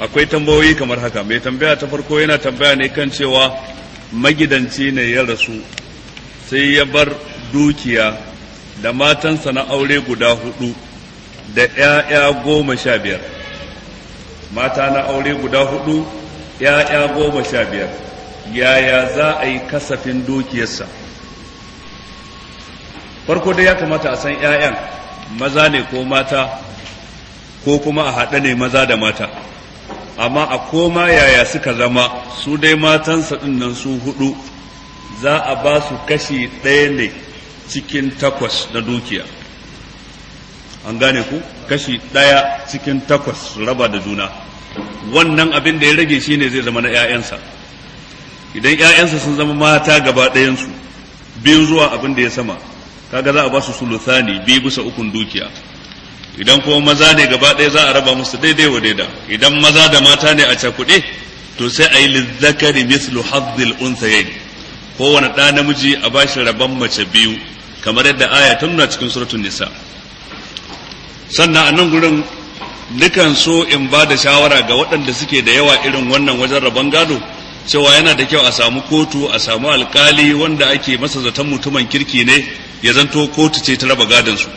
akwai tambayoyi kamar haka mai tambaya ta farko yana tambaya ne kan cewa magidanci ne ya rasu sai ya bar dukiya da matansa na aure guda hudu da 'ya'ya goma sha biyar mata na aure guda hudu 'ya'ya goma sha biyar yaya za a yi kasafin dukiyarsa farko dai ya kamata a san 'ya'yan maza ne ko mata ko kuma a haɗa ne maza da mata amma a koma yaya suka zama su dai matansa ɗin nan su hudu za a ba su kashi ɗaya ne cikin takwas na dukiya an gane ku kashi ɗaya cikin takwas raba da juna wannan abin da ya rage shi ne zai zama na 'ya'yansa idan 'ya'yansa sun zama mata gaba ɗayansu biyun zuwa abin da ya sama kaga za a ba su sulusani biyu bisa ukun dukiya idan kuma maza ne gaba ɗaya za a raba musu daidai wa daida idan maza da mata ne a cakuɗe to sai a yi lizzakari mislu hazzil unsayayn kowane ɗa namiji a bashi rabon mace biyu kamar yadda aya ta nuna cikin suratun nisa sannan a nan gurin dukan so in ba da shawara ga waɗanda suke da yawa irin wannan wajen rabon gado cewa yana da kyau a samu kotu a samu alkali wanda ake masa zaton mutumin kirki ne ya zanto kotu ce ta raba gadon su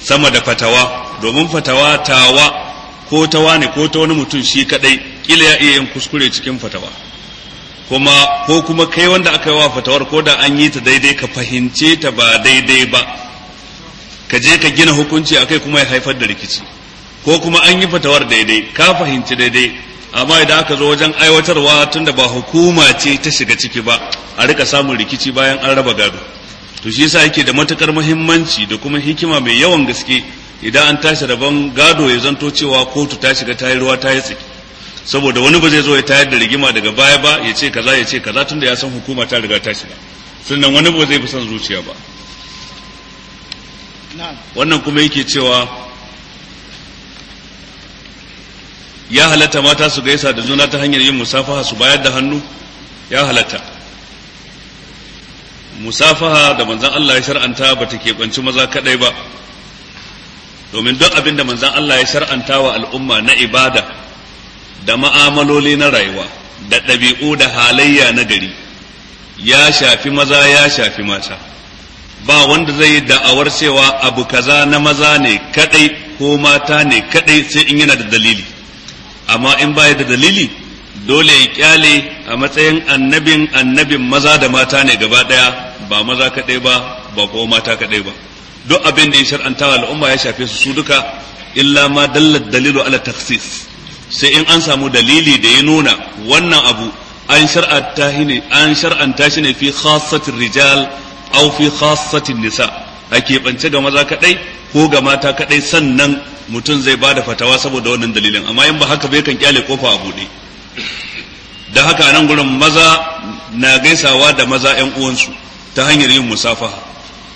sama da fatawa domin fatawa tawa ko ta ne ko ta wani mutum shi kadai kila ya iya yin kuskure cikin fatawa kuma ko kuma kai wanda aka yi wa fatawar ko da an yi ta daidai ka fahimce ta ba daidai ba ka je ka gina hukunci a kai kuma ya haifar da rikici ko kuma an yi fatawar daidai ka fahimci daidai amma idan aka zo wajen aiwatarwa tunda ba hukuma ce ta shiga ciki ba a rika samun rikici bayan an raba gado to shi yasa yake da matukar muhimmanci da kuma hikima mai yawan gaske idan an tashi rabon gado ya zanto cewa kotu ta shiga ta yi ruwa ta yi tsaki saboda wani ba zai zo ya tayar da rigima daga baya ba ya ce kaza ya ce kaza tunda ya san hukuma ta riga ta shiga sannan wani ba zai fi son zuciya ba wannan kuma yake cewa ya halatta mata su gaisa da juna ta hanyar yin musafaha su bayar da hannu ya halatta musafaha da manzon Allah ya shar'anta ba ta keɓanci maza kaɗai ba domin duk abin da manzan Allah ya shar'anta wa al'umma na ibada da ma'amaloli na rayuwa da ɗabi'u da halayya na gari ya shafi maza ya shafi mata ba wanda zai yi da'awar cewa abu kaza na maza ne kadai ko mata ne kadai sai in yana da dalili amma in baya da dalili dole ya kyale a matsayin annabin annabin maza da mata ne gaba ɗaya, ba maza kaɗai ba ba ko mata kaɗai ba duk abin da ya shar'anta al'umma ya shafe su su duka illa ma dallat dalilu ala taksis sai in an samu dalili da ya nuna wannan abu an shar'anta shi ne an shar'anta shi ne fi khassatir rijal aw fi khassatin nisa a keɓance ga maza kaɗai ko ga mata kaɗai sannan mutum zai bada fatawa saboda wannan dalilin amma in ba haka bai kan kyale kofa a buɗe da haka nan gurin maza na gaisawa da maza 'yan uwansu ta hanyar yin musafaha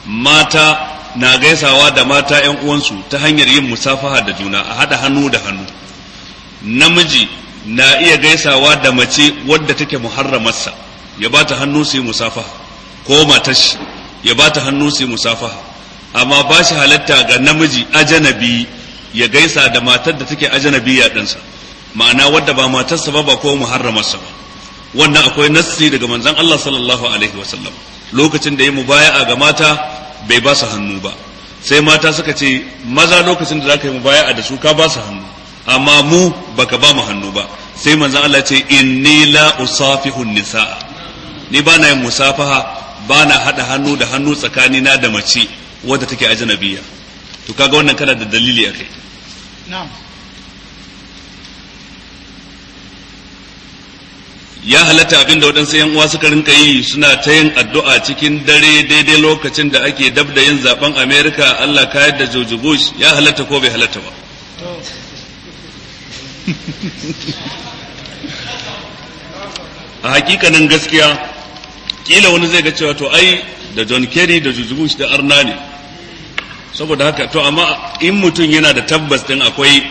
mata na gaisawa da mata yan uwansu ta hanyar yin musafaha da juna a haɗa hannu da hannu namiji na iya gaisawa da mace wadda take muharramarsa ya ba ta hannu su yi musafaha ko matashi ya ba ta hannu su yi musafaha amma ba shi halatta ga namiji ajanabi ya gaisa da matar da take ajanabi ya ɗansa ma'ana wadda ba matarsa ba ba ko muharramarsa ba wannan akwai nassi daga manzon Allah sallallahu alaihi wasallam lokacin da ya mubaya'a ga mata bai ba su hannu ba sai mata suka ce maza lokacin da za zaka yi baya da su ka ba su hannu amma mu ba ka ba mu hannu ba sai manzan Allah ce inni la usafihu nisaa ni ba na yin musafaha ba na hada hannu da hannu na da mace wadda take biya to kaga wannan kana da dalili a na'am ya halatta abin da waɗansu yan uwa suka rinka yi suna ta yin addu'a cikin dare daidai lokacin da ake dab da yin zaben Amerika Allah ka yadda George Bush ya halatta ko bai halatta ba a hakikanin gaskiya kila wani zai ga cewa to ai da John Kerry da George Bush da Arna ne saboda haka to amma in mutum yana da tabbas din akwai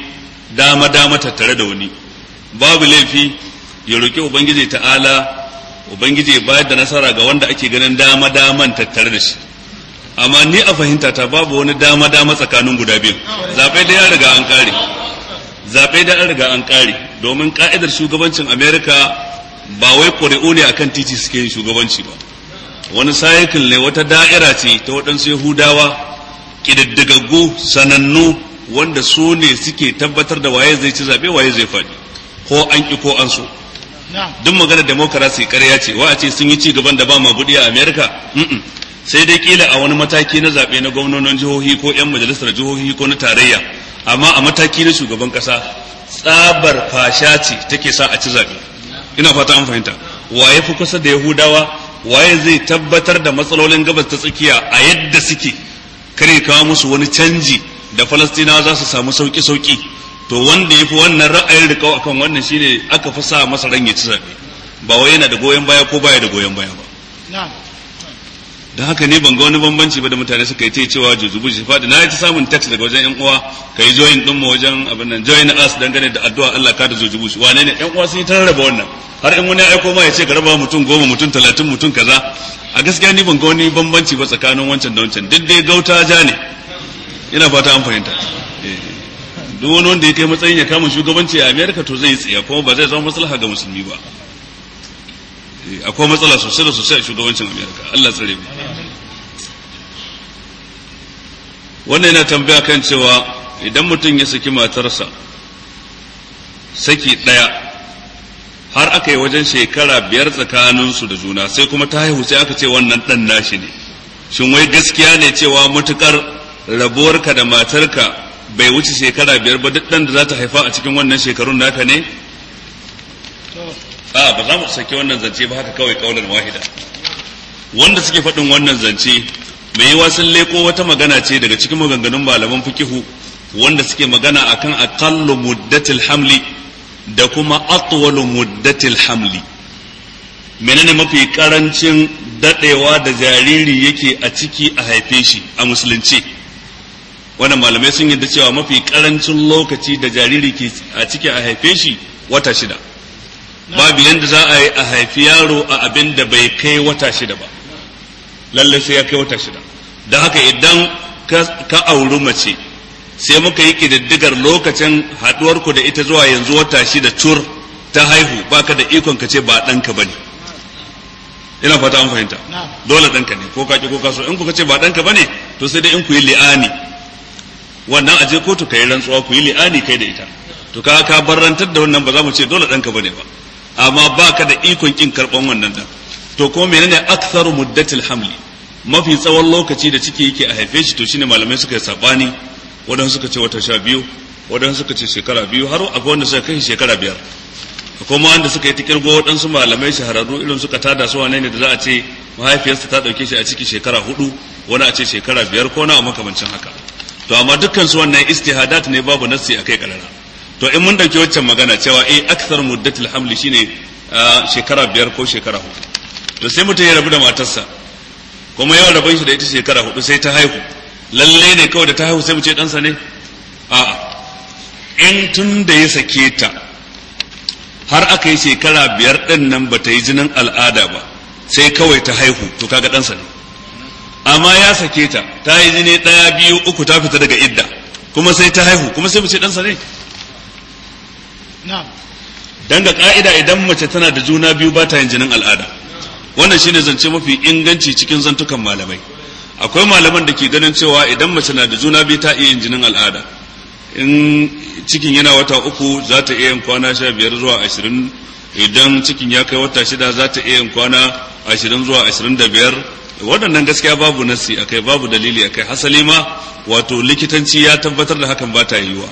dama dama tattare da wani babu laifi ya roki ubangiji ta'ala ubangiji bayar da nasara ga wanda ake ganin dama daman tattare da shi amma ni a fahimta ta babu wani dama dama tsakanin guda biyu zaɓe da ya riga an ƙare zaɓe da an riga an ƙare domin ka'idar shugabancin america ba wai ƙuri'u ne akan titi suke yin shugabanci ba wani sayakil ne wata da'ira ce ta waɗansu yahudawa ƙididdigaggu sanannu wanda su ne suke tabbatar da waye zai ci zaɓe waye zai faɗi ko an ƙi ko an so duk maganar demokarasi karya ce wa a ce sun yi ci gaban da ba ma budi a america sai dai kila a wani mataki na zaɓe na gwamnonin jihohi ko 'yan majalisar jihohi ko na tarayya amma a mataki na shugaban ƙasa tsabar fasha ce take sa a ci zaɓe ina fata an fahimta waye fi kusa da yahudawa waye zai tabbatar da matsalolin gabas ta tsakiya a yadda suke kare kawo musu wani canji da falastinawa za su samu sauƙi-sauƙi to wanda ya fi wannan ra'ayin kawai akan wannan shine aka fi sa masa ran ya ci zaɓe ba wai yana da goyon baya ko baya da goyon baya ba don haka ne ban ga wani bambanci ba da mutane suka yi cewa jujubu shi fadi na ta samun text daga wajen yan uwa ka yi join din mu wajen abin nan join us dangane da addu'a Allah ka da jujubu shi wane ne yan uwa sun yi rarraba wannan har in wani aiko ma ya ce ka raba mutum goma mutum talatin mutum kaza a gaskiya ni ban ga wani bambanci ba tsakanin wancan da wancan duk dai gauta ja ne ina fata an fahimta eh. duk wani wanda ya kai matsayin ya kama shugabanci a amerika to zai tsaye kuma ba zai zama maslaha ga musulmi ba eh, akwai matsala sosai da sosai a shugabancin amerika allah tsare mu wannan yana tambaya kan cewa idan mutum ya saki matarsa saki ɗaya har aka yi wajen shekara biyar tsakaninsu da juna sai kuma ta haihu sai aka ce wannan ɗan nashi ne shin wai gaskiya ne cewa matukar rabuwarka da matarka bai wuce shekara biyar ba duk ɗan da za ta haifa a cikin wannan shekarun naka ne a ba za mu sake wannan zance ba haka kawai kaunar wahida wanda suke faɗin wannan zance mai yi wasan leko wata magana ce daga cikin maganganun malaman fikihu wanda suke magana akan aqallu muddatil hamli da kuma atwalu muddatil hamli menene mafi karancin daɗewa da jariri yake a ciki a haife shi a musulunci wannan malamai sun yadda cewa mafi karancin lokaci da jariri ke a ciki a haife shi wata shida babu yanda za a yi a haifi yaro a abin da bai kai wata shida ba lalle sai ya kai wata shida da haka idan ka auri mace sai muka yi kididdigar lokacin ku da ita zuwa yanzu wata shida cur ta haihu baka da ikon ka ce ba ɗanka ba ne ina fata an fahimta dole ɗanka ne ko ka ki ko ka so in ka ce ba ɗanka ba ne to sai dai in ku yi li'ani wannan aje kotu kai rantsuwa ku yi li'ani kai da ita to ka ka barrantar da wannan ba za mu ce dole ɗanka bane ba amma baka da ikon kin karban wannan dan to ko menene aktharu muddatil hamli mafi tsawon lokaci da ciki yake a haife shi to shine malamai suka yi sabani wadan suka ce wata sha biyu wadan suka ce shekara biyu har akwai wanda suka kai shekara biyar akwai ma wanda suka yi ta kirgo wadansu malamai shahararru irin suka tada su wane ne da za a ce mahaifiyarsa ta ɗauke shi a ciki shekara hudu wani a ce shekara biyar ko na makamancin haka to amma dukkan su wannan istihadat ne babu nassi akai karara to in mun dauki waccan magana cewa eh akthar muddatul hamli shine ah, shekara biyar ko shekara hudu to sai mutum ya rabu da matarsa kuma yawan rabon shi da ita shekara hudu sai ta haihu lalle ne kawai da ta haihu sai mu ce ɗansa ne a'a in tun da ya sake ta har aka yi shekara biyar ɗin nan ba ta yi jinin al'ada ba sai kawai ta haihu to kaga ɗansa ne amma ya sake ta ta yi jini ɗaya biyu uku ta fita daga idda kuma sai ta haihu kuma sai mu ce ɗansa ne dan ga ka'ida idan mace tana da juna biyu ba ta yin jinin al'ada wannan shine zance mafi inganci cikin zantukan malamai akwai malaman da ke ganin cewa idan mace na da juna biyu ta iya yin jinin al'ada in cikin yana wata uku za ta iya yin kwana sha biyar zuwa ashirin idan cikin ya kai wata shida za ta iya yin kwana ashirin zuwa ashirin da biyar waɗannan gaskiya babu nasi akai babu dalili akai hasali ma wato likitanci ya tabbatar da hakan ba ta yiwuwa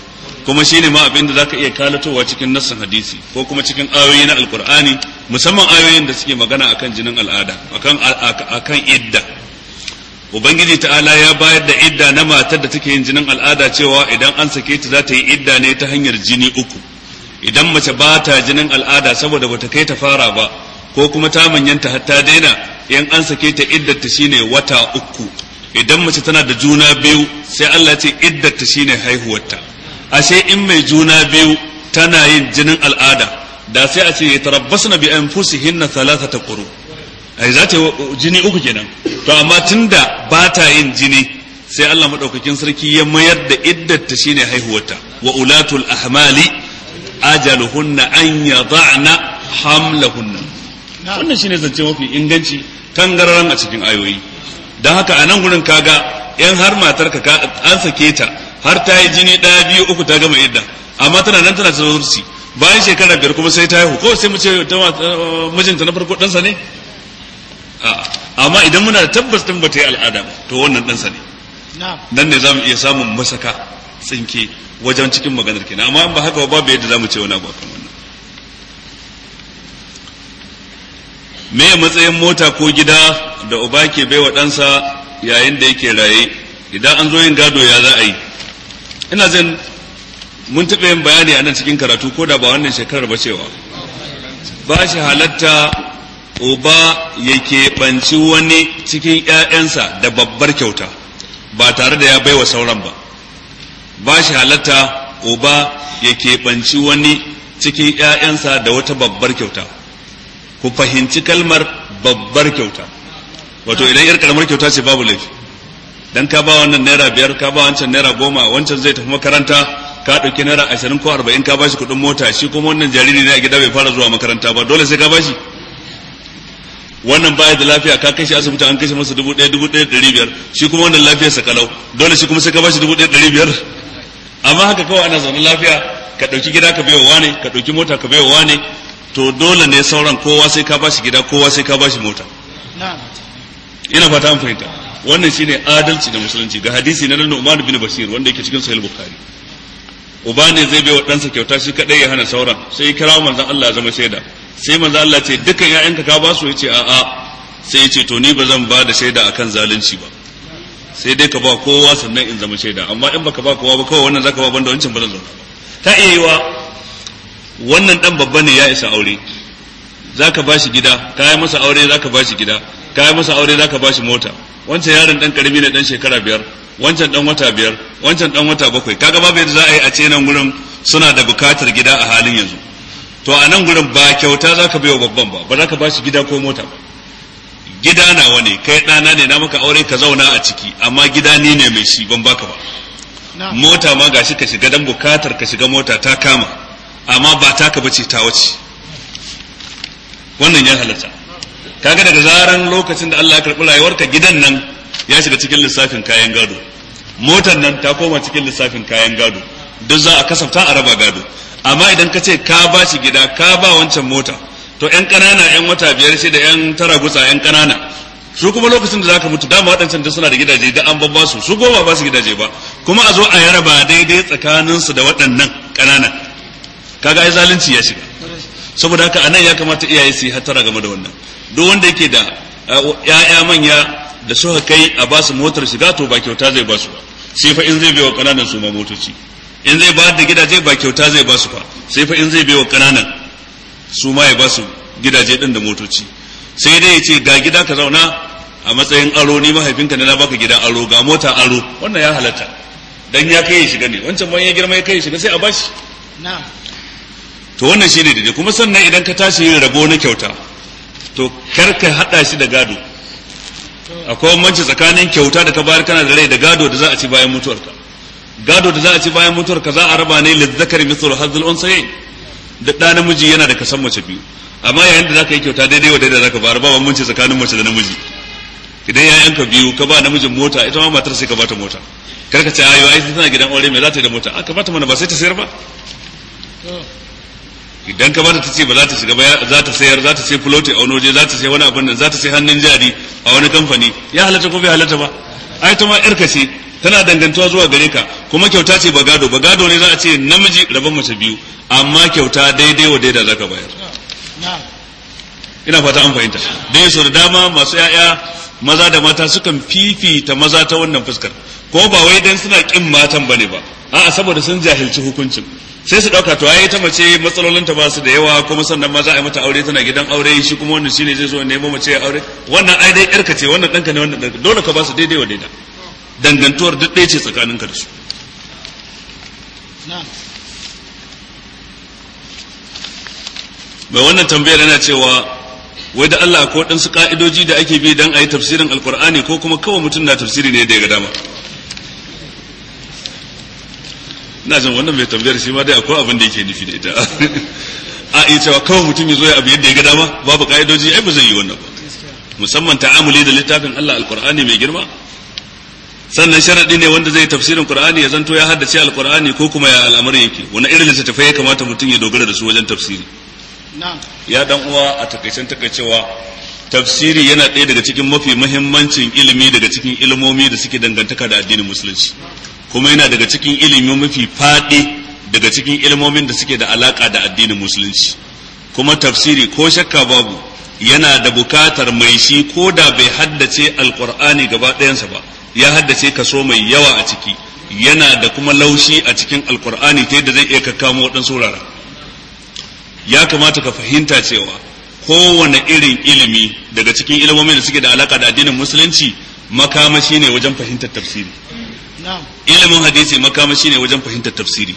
kuma shine ma abin da zaka iya kalatowa cikin nassin hadisi ko kuma cikin ayoyi na alkur'ani musamman ayoyin da suke magana akan jinin al'ada akan akan idda ubangiji ta'ala ya bayar da idda na matar da take yin jinin al'ada cewa idan an sake ta za ta yi idda ne ta hanyar jini uku idan mace ba ta jinin al'ada saboda bata kai ta fara ba ko kuma ta manyanta har ta daina in an sake ta iddata shine wata uku idan mace tana da juna biyu sai Allah ce iddata shine haihuwarta ashe in mai juna biyu tana yin jinin al'ada da sai a ce ya tarabbasna bi anfusihinna thalathata quru ai za ta jini uku kenan to amma tunda ba ta yin jini sai Allah madaukakin sarki ya mayar da iddata shine haihuwarta wa ulatul ahmali ajaluhunna an yada'na hamlahunna wannan shine zance mafi inganci tangararan a cikin ayoyi don haka a nan gurin kaga yan har matarka ka an sake ta har ta yi jini ɗaya biyu uku ta gama idda amma tana nan tana tazurci bayan shekara biyar kuma sai ta haihu ko sai mu ce mijinta na farko ɗansa ne amma idan muna da tabbas ɗin bata yi al'ada ba to wannan ɗansa ne nan ne za mu iya samun masaka tsinke wajen cikin maganar kenan amma ba haka ba babu yadda za mu ce wani abu akan wannan me matsayin mota ko gida da uba ke baiwa ɗansa yayin da yake raye idan an zo yin gado ya za a yi ina zan mun taɓa yin bayani a nan cikin karatu ko da ba wannan shekarar ba cewa ba shi halatta uba ya keɓanci wani cikin 'ya'yansa da babbar kyauta ba tare da ya baiwa sauran ba ba shi halatta uba ya keɓanci wani cikin 'ya'yansa da wata babbar kyauta ku fahimci kalmar babbar kyauta wato idan yar karamar kyauta ce babu laifi dan ka ba wannan naira biyar ka ba wancan naira goma wancan zai tafi makaranta ka ɗauki naira ashirin ko arba'in ka bashi kuɗin mota shi kuma wannan jariri ne a gida bai fara zuwa makaranta ba dole sai ka bashi wannan baya da lafiya ka kai shi asibiti an kashe masa dubu ɗaya dubu ɗaya ɗari biyar shi kuma wannan sa kalau dole shi kuma sai ka bashi dubu ɗaya ɗari biyar amma haka kawai ana zaune lafiya ka ɗauki gida ka wa wane ka ɗauki mota ka wa wane to dole ne sauran kowa sai ka bashi gida kowa sai ka bashi mota ina fata an fahimta wannan shine adalci da musulunci ga hadisi na nan Umar bin Basir wanda yake cikin Sahih Bukhari uba ne zai bai wa ɗansa kyauta shi kadai ya hana sauran sai ya kira manzon Allah ya zama shaida sai manzon Allah ce dukkan ƴaƴanka ka ba su yace a'a sai yace to ni ba zan ba da shaida akan zalunci ba sai dai ka ba kowa sannan in zama shaida amma in baka ba kowa ba kawai wannan zaka ba banda wancan ba zan zauna ba ta iya yiwa wannan dan babba ne ya isa aure zaka bashi gida kai masa aure zaka bashi gida kai masa aure zaka bashi mota wancan yaron dan karami ne dan shekara biyar wancan dan wata biyar wancan dan wata bakwai kaga babu yadda za a yi a ce nan gurin suna da bukatar gida a halin yanzu to a nan gurin ba kyauta zaka bai babban ba ba zaka bashi gida ko mota ba gida nawa ne kai ɗana ne na maka aure ka zauna a ciki amma gida ni ne mai shi ban baka ba mota ma gashi ka shiga dan bukatar ka shiga mota ta kama amma ba taka bace ta wace wannan ya halatta kaga daga zaran lokacin da Allah ya karɓi rayuwarka gidan nan ya shiga cikin lissafin kayan gado motar nan ta koma cikin lissafin kayan gado duk za a kasafta a raba gado amma idan ka ce ka ba shi gida ka ba wancan mota to yan ƙanana yan wata biyar shi da yan tara gutsa yan ƙanana su kuma lokacin da zaka mutu dama waɗancan da suna da gidaje da an babba su su goma ba su gidaje ba kuma a zo a yaraba daidai tsakaninsu da waɗannan ƙanana kaga ai zalunci ya shiga saboda haka anan ya kamata iyaye su yi hatara game da wannan duk wanda yake da eh, ya'ya manya da su kai a ba su motar shiga to ba kyauta zai ba su ba sai fa in zai bai wa kananan su ma motoci in zai ba da gidaje ba kyauta zai ba su fa sai fa in zai bai wa kananan su ma ya ba su gidaje din da motoci sai dai ya ce ga gida ka zauna a matsayin aro ni mahaifinka ne na baka gidan aro ga mota aro wannan ya halatta dan ya kai shiga ne wancan ban ya girma ya kai shiga sai a bashi na'am to wannan shine daidai kuma sannan idan ka tashi yin rabo na kyauta to kar ka hada shi da gado akwai bambanci tsakanin kyauta da ka bayar kana da rai da gado da za a ci bayan mutuwarka gado da za a ci bayan mutuwarka za a raba ne lizzakari mithlu hadzul unsayin da ɗa namiji yana da kasan mace biyu amma yayin da zaka yi kyauta daidai wa daidai zaka bayar ba bambanci tsakanin mace da namiji idan yayanka biyu ka ba namijin mota ita ma matar sai ka bata mota karka ce ayo ai tana gidan aure me za ta yi da mota aka bata mana ba sai ta sayar ba idan ka bada ta ce ba za ta shiga ba za ta sayar za ta sai fuloti a wani waje za ta sai wani abin nan za ta sai hannun jari a wani kamfani ya halatta ko bai halatta ba ai ta ma yar ce tana dangantuwa zuwa gare ka kuma kyauta ce ba gado ba gado ne za a ce namiji rabon mace biyu amma kyauta daidai wa daida zaka bayar ina fata an fahimta dai sau da dama masu 'ya'ya maza da mata sukan fifita maza ta wannan fuskar ko ba wai dan suna kin matan bane ba a'a saboda sun jahilci hukuncin sai su dauka to ai ta mace matsalolin ta ba su da yawa kuma sannan ma za a yi mata aure tana gidan aure shi kuma wannan shine zai zo nemo mace aure wannan ai dai yarka ce wannan danka ne wannan danka dole ka ba su daidai wa daida dangantuwar duk ɗaya ce tsakanin ka da su mai wannan tambayar yana cewa wai da Allah ko ɗansu ka'idoji da ake bi don a yi tafsirin alkur'ani ko kuma kawai mutum na tafsiri ne da ya ga dama na san wannan mai tambayar shi ma dai akwai abin da yake nufi da ita a iya cewa kawai mutum ya zo ya abu yadda ya ga dama babu ka'idoji ai ba zai yi wannan ba musamman ta'amuli da littafin Allah alqur'ani mai girma sannan sharadi ne wanda zai tafsirin qur'ani ya zanto ya haddace alqur'ani ko kuma ya al'amari yake wani irin littattafai ya kamata mutum ya dogara da su wajen tafsiri ya dan uwa a takaicen takaicewa tafsiri yana ɗaya daga cikin mafi muhimmancin ilimi daga cikin ilimomi da suke dangantaka da addinin musulunci kuma yana daga cikin ilimi mafi faɗi daga cikin ilmomin da suke da alaka da addinin musulunci kuma tafsiri ko shakka babu yana da bukatar mai shi ko da bai haddace alkur'ani gaba ɗayansa ba ya haddace kaso mai yawa a ciki yana da kuma laushi a cikin alkur'ani ta yadda zai iya kakkamo waɗansu wuraren ya kamata ka fahimta cewa kowane irin ilimi daga cikin ilmomin da suke da alaka da addinin musulunci makamashi ne wajen fahimtar tafsiri ilimin hadisi makamashi ne wajen fahimtar tafsiri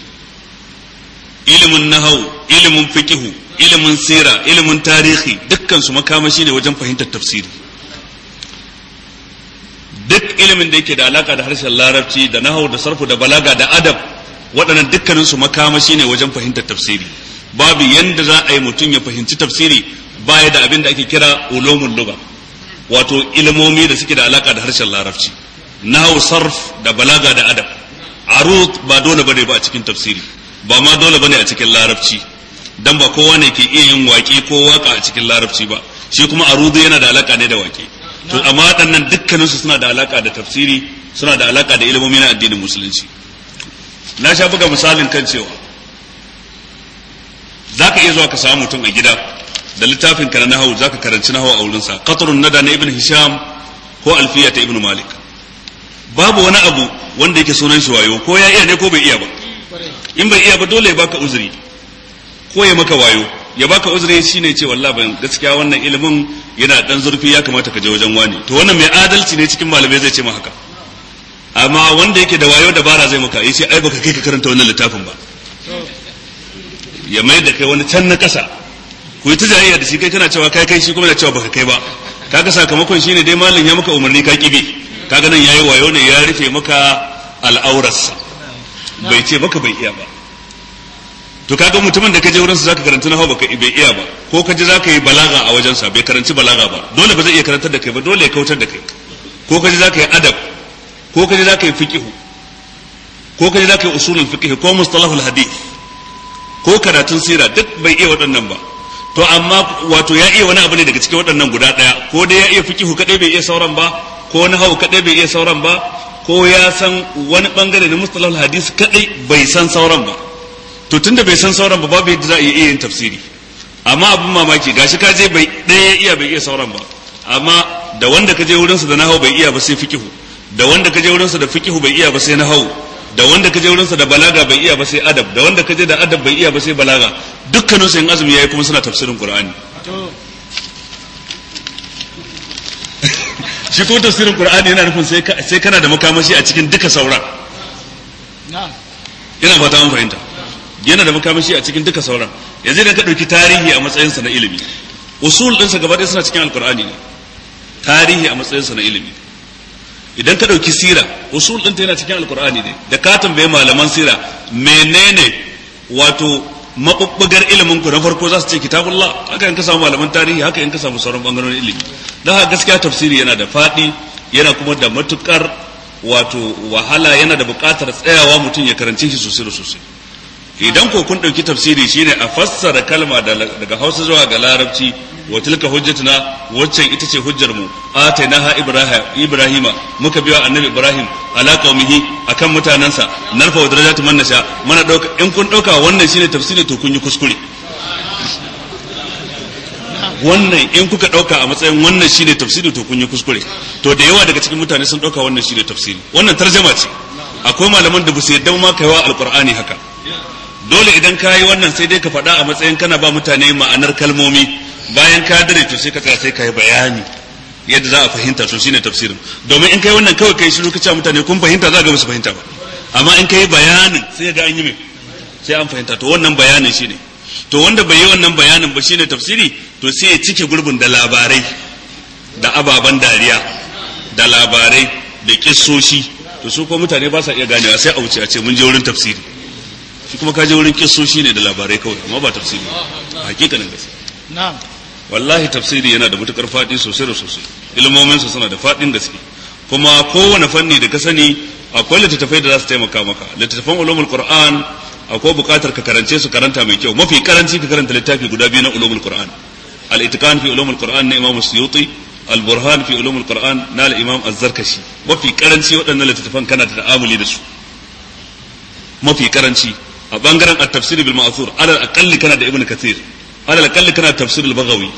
ilimin nahau ilimin fikihu ilimin sira ilimin tarihi dukkansu makamashi ne wajen fahimtar tafsiri duk ilimin da yake da alaka da harshen larabci da nahau da sarfu da balaga da adab waɗannan dukkaninsu makamashi ne wajen fahimtar tafsiri babu yanda za a yi mutum ya fahimci tafsiri baya da abin da ake kira ulumul lugha wato ilimomi da suke da alaka da harshen larabci nahu sarf da balaga da adab arut ba dole bane ba a cikin tafsiri ba ma dole bane a cikin larabci dan ba kowa ne ke iya yin waƙe ko waka a cikin larabci ba shi kuma arudu yana da alaka ne da waƙe to amma waɗannan dukkaninsu suna da alaka da tafsiri suna da alaka da ilimomi na addinin musulunci na sha buga misalin kan cewa zaka iya zuwa ka samu mutum a gida da littafin ka na nahawu za karanci nahawu a wurinsa qatrun nada na ibn hisham ko alfiya ta ibn malik babu wani abu wanda yake sunan shi wayo ko ya iya ne ko bai iya ba in bai iya ba dole ya baka uzuri ko ya maka wayo ya baka uzuri shine ce wallahi ban gaskiya wannan ilimin yana dan zurfi ya kamata ka je wajen wani to wannan mai adalci ne cikin malamai zai ce ma haka amma wanda yake da wayo dabara zai maka ya ce ai baka kai ka karanta wannan littafin ba ya mai da kai wani can na kasa ku yi ta jayayya da shi kai kana cewa kai kai shi kuma da cewa baka kai ba kaga sakamakon shine dai malam ya maka umarni ka kibi kaga nan yayi wayo ne ya rufe maka al'aurarsa bai ce maka bai iya ba to kaga mutumin da kaje wurin sa zaka karanta na baka bai iya ba ko kaje zaka yi balaga a wajen sa bai karanci balaga ba dole ba zai iya karantar da kai ba dole ya kautar da kai ko kaje zaka yi adab ko kaje zaka yi fiqh ko kaje zaka yi usulul fiqh ko mustalahul hadith ko karatun sira duk bai iya waɗannan ba to amma wato ya iya wani abu ne daga cikin waɗannan guda ɗaya ko dai ya iya fiqh kadai bai iya sauran ba ko na hau kadai bai iya sauran ba ko ya san wani bangare na mustalahul hadis kadai bai san sauran ba to tunda bai san sauran ba babu yadda za a iya yin tafsiri amma abin mamaki gashi ka je bai ɗaya iya bai iya sauran ba amma da wanda ka je wurinsa da hau bai iya ba sai fikihu da wanda ka je wurinsa da fikihu bai iya ba sai hau da wanda ka je wurinsa da balaga bai iya ba sai adab da wanda ka je da adab bai iya ba sai balaga dukkanin su in azumi yayi kuma suna tafsirin qur'ani shi ko tafsirin qur'ani yana nufin sai sai kana da makamashi a cikin duka sauran ina fata an fahimta yana da makamashi a cikin duka sauran yanzu idan ka dauki tarihi a matsayinsa na ilimi usul ɗinsa gaba ɗaya suna cikin alqur'ani ne tarihi a matsayinsa na ilimi idan ka ɗauki sira usul ɗinta yana cikin alqur'ani ne da ka tambaye malaman sira menene wato mabubbugar ilimin ku na farko za su ce kitabullah haka in ka samu malaman tarihi haka in ka samu sauran bangarorin ilimi don haka gaskiya tafsiri yana da faɗi yana kuma da matukar wato wahala yana da buƙatar tsayawa mutum ya karanci shi sosai da sosai idan ko kun ɗauki tafsiri shine a fassara kalma daga hausa zuwa ga larabci wa tilka hujjatuna waccan ita ce hujjar mu atainaha ibrahima muka biya annabi ibrahim ala qaumihi akan mutanansa narfa wa darajatu man nasha mana dauka in kun dauka wannan shine tafsiri to kun yi kuskure wannan in kuka dauka a matsayin wannan shi ne tafsiri to kun yi kuskure to da yawa daga cikin mutane sun dauka wannan shi ne tafsiri wannan tarjama ce akwai malaman da ba su yadda ma wa alqur'ani haka dole idan ka yi wannan sai dai ka faɗa a matsayin kana ba mutane ma'anar kalmomi bayan ka dare to sai ka tsaya sai ka yi bayani yadda za a fahimta to shine tafsirin domin in kai wannan kawai kai shiru ka ce mutane kun fahimta za ga ba su fahimta ba amma in kai bayanin sai ga an yi mai sai an fahimta to wannan bayanin shine ne to wanda bai yi wannan bayanin ba shine tafsiri to sai ya cike gurbin da labarai da ababen dariya da labarai da kissoshi to su ko mutane ba sa iya ganewa sai a wuce a ce mun je wurin tafsiri shi kuma ka je wurin kissoshi ne da labarai kawai amma ba tafsiri a hakikanin gaskiya na'am wallahi tafsiri yana da matukar fadi sosai da sosai ilmomin su suna da fadin gaske kuma kowane fanni da ka sani akwai littattafai da za su taimaka maka littattafan ulumul qur'an akwai buƙatar ka karance su karanta mai kyau mafi karanci ka karanta littafi guda biyu na ulumul qur'an al-itqan fi ulumul qur'an na imam suyuti al-burhan fi ulumul qur'an na al-imam az-zarkashi mafi karanci waɗannan littattafan kana da ta'amuli da su mafi karanci a bangaren at-tafsir bil ma'thur alal aqalli kana da ibnu kathir alal aqalli kana tafsir al-baghawi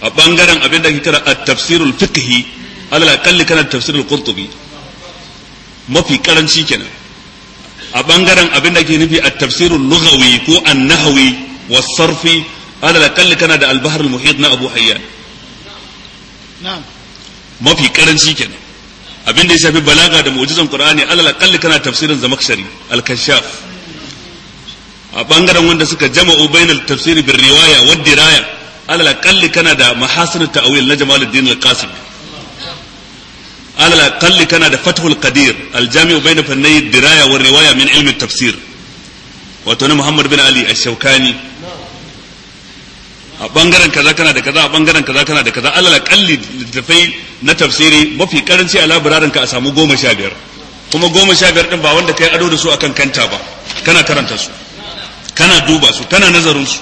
a bangaren abin da ake kira at-tafsir al-fiqhi alal aqalli kana tafsir al-qurtubi mafi karanci kenan a bangaren abin da ke nufi a tafsirin luhawi ko an nahawi was sarfi alal kana da albahar muhit na abu hayyan mafi karanci kenan abin da ya shafi balaga da mu'jizan qur'ani alal aqall kana tafsirin zamakshari al kashaf a bangaren wanda suka jama'u bainal tafsiri bir riwaya wad diraya alal aqall kana da mahasin ta'wil na jamaluddin al qasimi alal aqalli kana da fathul qadir aljami'u bayna fannay diraya wa riwaya min ilmi tafsir wato na muhammad bin ali ash a bangaren kaza kana da kaza a ɓangaren kaza kana da kaza alal aqalli littafai na tafsiri mafi karanci a labararin ka a samu goma sha biyar kuma goma sha biyar din ba wanda kai ado da su akan kanta ba kana karanta su kana duba su kana nazarin su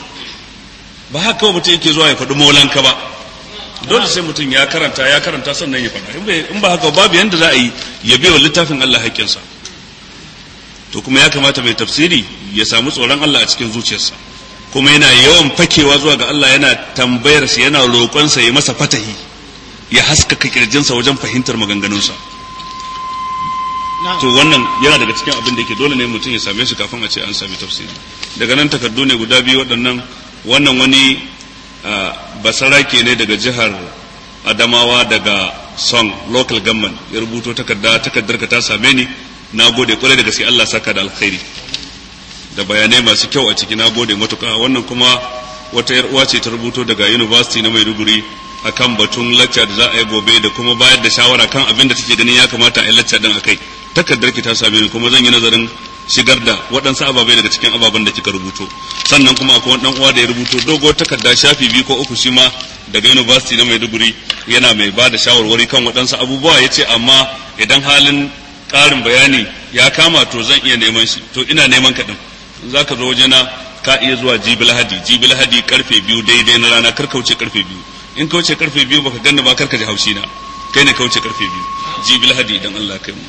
ba haka mutum yake zuwa ya faɗi maulanka ba dole sai mutum ya karanta ya karanta sannan ya faɗa in ba haka babu yanda za a yi ya biya littafin Allah haƙƙinsa to kuma ya kamata mai tafsiri ya samu tsoron Allah a cikin zuciyarsa kuma yana yawan fakewa zuwa ga Allah yana tambayar sa yana roƙon sa ya masa fatahi ya haskaka kirjinsa wajen fahimtar maganganunsa to wannan yana daga cikin abin da yake dole ne mutum ya same shi kafin a ce an sami tafsiri daga nan takardu ne guda biyu waɗannan wannan wani basarake ne daga jihar adamawa daga song local government ya rubuto takarda takardar ka ta same ni na gode kwarai da gaske Allah saka da alkhairi da bayanai masu kyau a ciki na gode matuƙa wannan kuma wata yar uwa ce ta rubuto daga university na Maiduguri akan batun lacca da za a yi gobe da kuma bayar da shawara kan abin da take ganin ya kamata a yi lecture din akai takardar ki ta same ni kuma zan yi nazarin shigar da waɗansu ababai daga cikin ababen da kika rubuto sannan kuma akwai ɗan uwa da ya rubuto dogo takarda shafi biyu ko uku shi ma daga university na maiduguri yana mai ba da shawarwari kan waɗansu abubuwa ya ce amma idan halin ƙarin bayani ya kama to zan iya neman shi to ina neman ɗin za ka zo wajena ka iya zuwa jibi lahadi jibi lahadi karfe biyu daidai na rana kar kauce karfe biyu in kauce karfe biyu baka ganna ba kar ka ji haushi na kai ne kauce karfe biyu jibi lahadi idan Allah kai mu